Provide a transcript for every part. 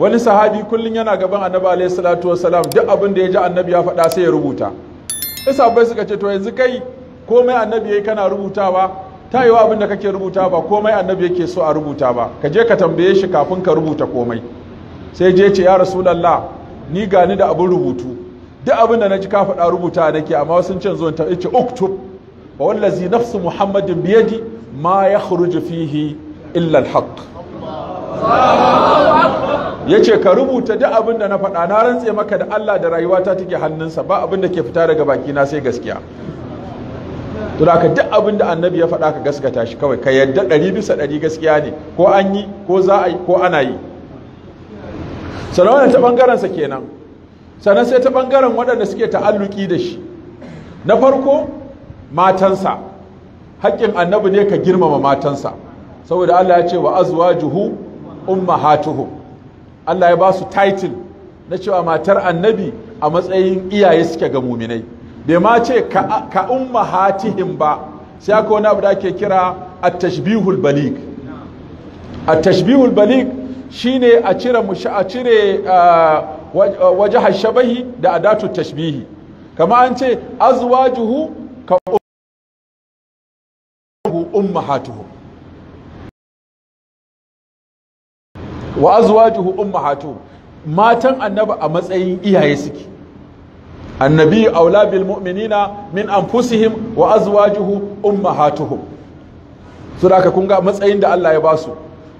wani sahabi kullum yana gaban annabi alaihi salatu salam duk abin da ya ji annabi ya faɗa sai ya rubuta isa sahabbai suka ce to yanzu kai komai annabi yayi kana rubuta rubutawa ta yiwa abin da kake rubuta ba komai annabi yake so a rubuta ba ka je ka tambaye shi kafin ka rubuta komai sai je ce ya rasu rasulullah ni gani da abin rubutu duk abin da ji ka faɗa rubuta nake amma sun ce zuwan ta ce uktub fa wallazi nafsu muhammadin biyadi ma yakhruju fihi illa alhaq ya ce ka rubuta duk abin da na faɗa na rantse maka da Allah da rayuwata take hannunsa ba abin da ke fita daga baki na sai gaskiya to da duk abin da annabi ya faɗa ka gaskata shi kawai ka yadda ɗari bisa ɗari gaskiya ne ko an yi ko za a yi ko ana yi sannan ta ɓangarensa kenan sannan sai ta ɓangaren waɗanda suke ta'alluki da shi na farko matansa haƙƙin annabi ne ka girmama matansa saboda Allah ya ce wa azwajuhu ummahatuhum Allah ya ba su title na cewa matar annabi a matsayin iyaye suke ga muminai bai ma ce ka umma hatihim ba sai aka wani abu da ake kira a tashbihul balik a tashbihul balik shine a cire a cire wajahar shabahi da adatu tashbihi kama an ce azwajuhu ka ummahatuhum wa azwajuhu ummahatu matan annabi a matsayin iyaye suke annabi aula bil mu'minina min anfusihim wa azwajuhu ummahatuhum so da aka kunga matsayin da Allah ya basu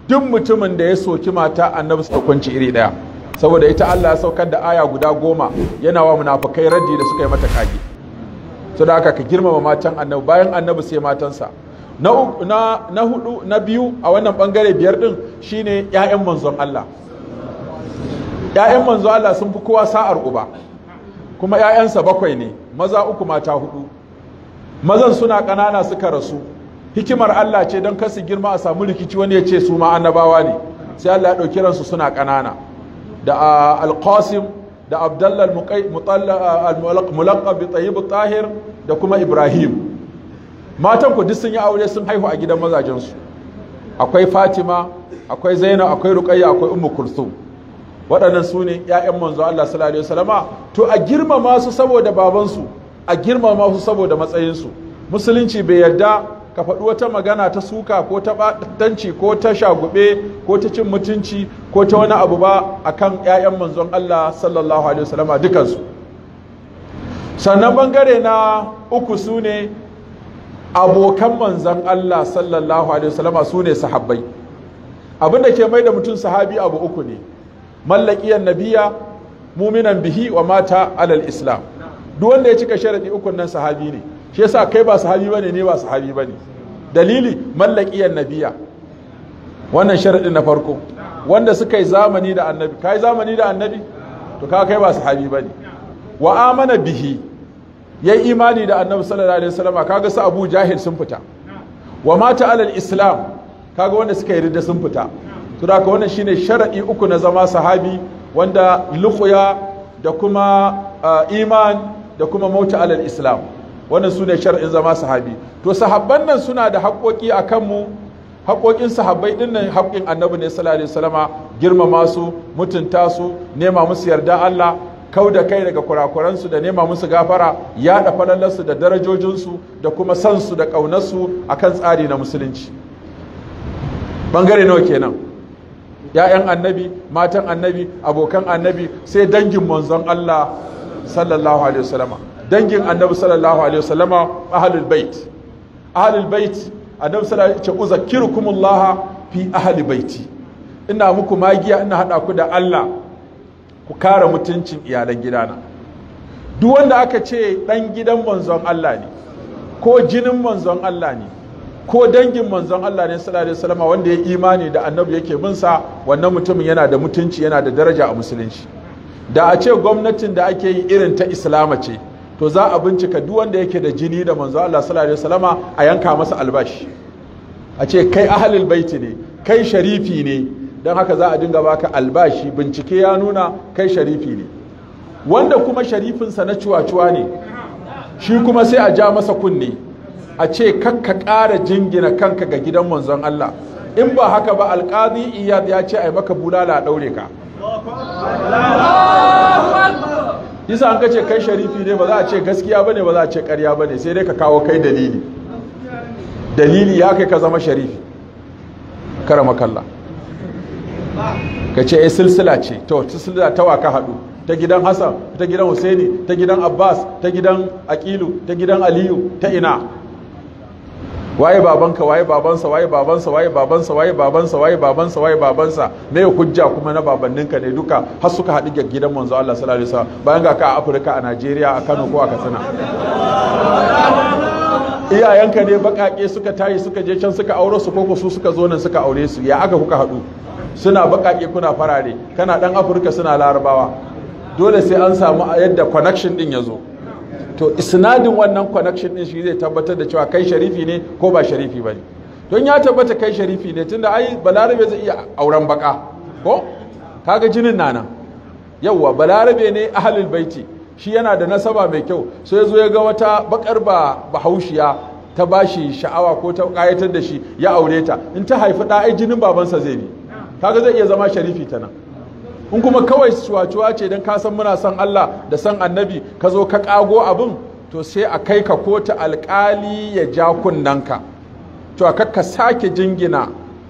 duk mutumin da ya soki mata annabi su kwanci iri daya saboda ita Allah ya saukar da aya guda goma yana wa munafikai raddi da suka yi mata kage so da aka ka girmama matan annabi bayan annabi sai matansa na hudu na biyu a wannan bangare biyar din shine 'ya'yan manzon Allah Ya'yan manzon Allah sun fi kowa sa'ar uba kuma 'ya'yansa bakwai ne maza uku mata hudu mazan suna ƙanana suka rasu hikimar Allah ce don kasu girma a samu rikici wani ya ce su ma annabawa ne sai Allah ya ɗauki ransu suna ƙanana da alqasim da abdallal al-mulaqab bi tayyib tahir da kuma ibrahim matan ku sun yi aure sun haihu a gidan mazajensu akwai fatima akwai zainab akwai ruqayya akwai ummu kulthum waɗannan su ne 'ya'yan manzo Allah sallallahu alaihi wasallama to a girmama su saboda babansu a girmama su saboda matsayinsu musulunci bai yarda ka faɗi wata magana ta suka ko ta ɓatanci ko ta shagube ko ta cin mutunci ko ta wani abu ba a kan 'ya'yan manzon Allah sallallahu alaihi wasallama dukansu sannan bangare na uku su ne abokan manzan Allah sallallahu alaihi wasallama su ne sahabbai abin da ke mai da mutum sahabi abu uku ne mallakiyan nabiya muminan bihi wa mata alal islam duk wanda ya cika sharaɗi ukun nan sahabi ne shi yasa kai ba sahabi bane ne ba sahabi bane dalili mallakiyan nabiya wannan sharaɗi na farko wanda suka yi zamani da annabi yi zamani da annabi to ka kai ba sahabi bane wa amana bihi ya yi imani da annabi sallallahu alaihi wasallam kaga su abu jahil sun fita wa mata alal islam kaga wanda suka yi ridda sun fita to da ka wannan shine sharadi uku na zama sahabi wanda luqya da kuma uh, iman da kuma mauta alal islam wannan sune sharadin zama sahabi to sahabban nan suna da haƙoƙi akan mu haƙoƙin sahabbai din nan haƙƙin annabi ne sallallahu alaihi wasallama girmama su mutunta su nema musu yarda Allah kau da kai daga kurakuransu da nema musu gafara yaɗa falalarsu da darajojinsu da kuma sansu da ƙaunarsu a kan tsari na musulunci ɓangare nawa kenan ‘ya'yan annabi matan annabi abokan annabi sai dangin manzon Allah sallallahu alaihi wasallama dangin annabi sallallahu alaihi wasallama ahalul bait ahalul bait annabi sallallahu alaihi wasallama ce fi ahli baiti ina muku magiya ina hada ku da Allah ku kare mutuncin iyalan gidana duk wanda aka ce ɗan gidan manzon Allah ne ko jinin manzon Allah ne ko dangin manzon Allah ne sallallahu alaihi wasallam wanda ya imani da annabi yake bin sa wannan mutumin yana da mutunci yana da daraja a musulunci da a ce gwamnatin da ake yi irin ta islama ce to za a bincika duk wanda yake da jini da manzon Allah sallallahu alaihi wasallama a yanka masa albashi a ce kai ahlul baiti ne kai sharifi ne don haka za a dinga baka albashi bincike ya nuna kai sharifi ne wanda kuma sharifinsa na cuwa-cuwa ne shi kuma sai a ja masa kunne a ce kakka ƙara jingina kanka ga gidan manzon Allah in ba haka ba alƙazi iyad ya ce yi maka bulala a ɗaure ka isa an kace kai sharifi ne ba za a ce gaskiya ba ne ba za a ce ƙarya ba ne sai dai ka kawo kai dalili dalili ya kai ka zama sharifi kara ka ce ai eh, silsila ce to silsila ta waka haɗu ta gidan Hassan ta gidan Husaini ta gidan Abbas ta gidan Aqilu ta gidan Aliyu ta ina waye babanka waye babansa waye babansa waye babansa waye babansa waye babansa waye babansa me hujja kuma na babanninka ne duka har suka haɗu ga gidan manzo Allah sallallahu alaihi wasallam bayan ga ka a Afirka a Najeriya a Kano ko a Katsina iyayenka ne bakake suka tayi suka je can suka aure su koko su suka zo nan suka aure su ya aka kuka haɗu suna bakake kuna farare kana dan afirka suna larabawa dole sai an samu yadda connection din ya zo to isnadin wannan connection din shi zai tabbatar da cewa kai sharifi ne ko ba sharifi ba ne don ya tabbata kai sharifi ne tunda ai balarabe zai iya auren baka ko kaga jinin nana yawwa balarabe ne ahlul baiti shi yana da nasaba mai kyau sai ya zo ya ga wata bakar ba bahaushiya ta bashi sha'awa ko ta kayatar da shi ya aure ta in ta haifi da ai jinin babansa zai bi ga zai iya zama sharifi ta nan in kuma kawai cuwa ce don kasan muna son Allah da san annabi ka zo ka ƙago abin to sai a kai ka kotu alƙali ya ja kunnanka to a ka sake jingina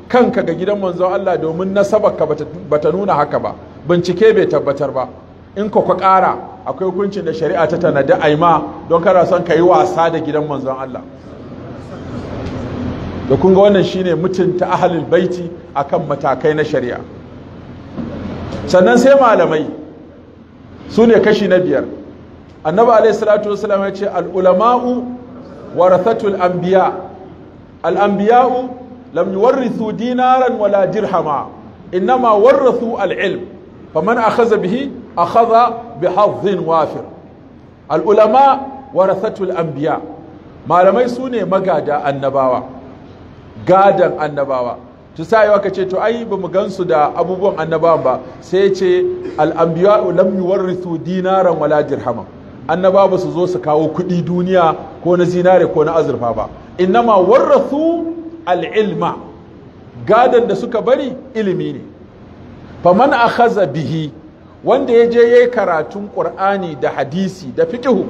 kanka ga gidan manzon Allah domin nasabarka ta nuna haka ba bincike bai tabbatar ba in ka ka ƙara akwai hukuncin da shari'a ta tanada aima don kana son ka yi wasa da gidan manzon Allah da kun ga wannan shine mutunta ahalin baiti akan matakai na shari'a sannan sai malamai su ne kashi na biyar annabi alaihi salatu wasallam ya ce alulama'u ulamau warathatul anbiya al-anbiya'u lam yuwarrithu dinaran wala dirhama innama warrathu al-ilm faman akhadha bihi akhadha bihadhin wafir al-ulama warathatul anbiya malamai su ne magada annabawa gadan annabawa to sai aka ce to ai bamu gansu da abubuwan annabawa ba sai ce al-anbiya'u lam yuwarrithu dinaran wala dirhaman annaba ba su zo su kawo kuɗi duniya ko na zinare ko na azurfa ba innama warrathu al-ilma Gadon da suka bari ilimi ne faman akhaza bihi wanda ya je yayi karatun qur'ani da hadisi da fiqhu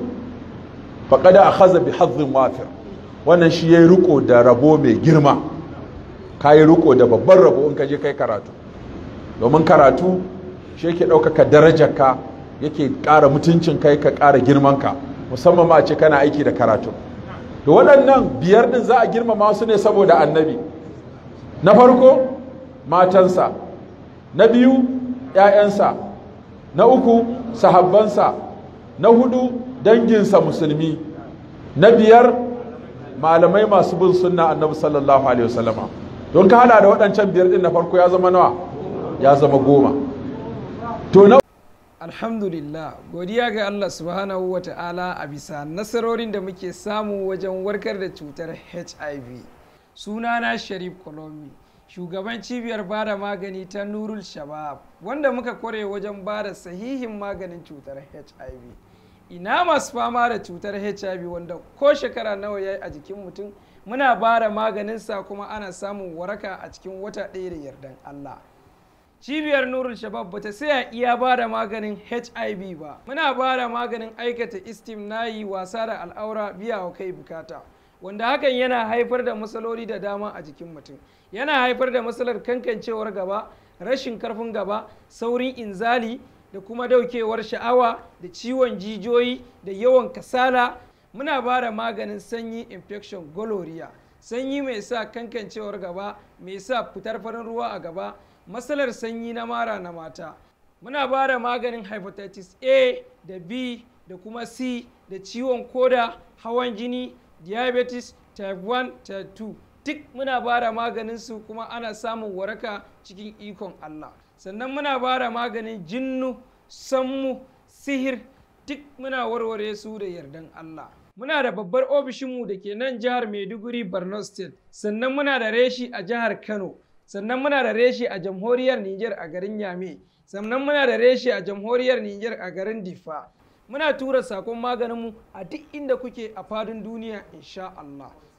a akhaza bi hazzin wafir wannan shi ya yi riko da rabo mai girma ka yi riko da babban rabo in ka je kai karatu domin karatu shi yake ɗaukaka darajarka yake ƙara mutuncin kai ka ƙara girmanka musamman ma a ce kana aiki da karatu da waɗannan biyar ɗin za a girmama su ne saboda annabi na farko matansa na biyu 'ya'yansa na uku sahabbansa na hudu danginsa musulmi na biyar malamai masu bin sunna annabi sallallahu alaihi wasallama don ka hada da waɗancan biyar din na farko ya zama nawa ya zama goma to na alhamdulillah godiya ga Allah subhanahu wa ta'ala a bisa nasarorin da muke samu wajen warkar da cutar HIV sunana Sharif Kolomi shugaban cibiyar bada magani ta Nurul Shabab wanda muka kware wajen ba da sahihin maganin cutar HIV ina masu fama da cutar hiv wanda ko shekara nawa ya yi a jikin mutum muna bara sa kuma ana samun waraka a cikin wata ɗaya da yardan allah cibiyar nurul shabab ba ta saya iya ba da maganin hiv ba muna ba maganin aikata istim yi wasa da al'aura biya wa kai bukata wanda hakan yana haifar da matsaloli da dama a jikin mutum yana haifar da matsalar kankancewar gaba rashin karfin gaba saurin inzali da kuma daukewar sha'awa da ciwon jijiyoyi da yawan kasala muna ba maganin sanyi infection gonorrhea sanyi mai sa kankancewar gaba mai sa fitar farin ruwa a gaba matsalar sanyi na mara na mata muna ba maganin hepatitis a da b da kuma c da ciwon koda hawan jini diabetes type 1 type 2 duk muna bara maganin su kuma ana samun waraka cikin ikon Allah sannan muna bara maganin jinnu sammu sihir duk muna warware su da yardan Allah muna da babbar ofishinmu da ke nan jihar Maiduguri Borno State sannan muna da reshi a jihar Kano sannan muna da reshi a jamhuriyar Niger a garin Yame sannan muna da reshi a jamhuriyar Niger a garin Difa muna tura sakon maganinmu a duk inda kuke a fadin duniya insha Allah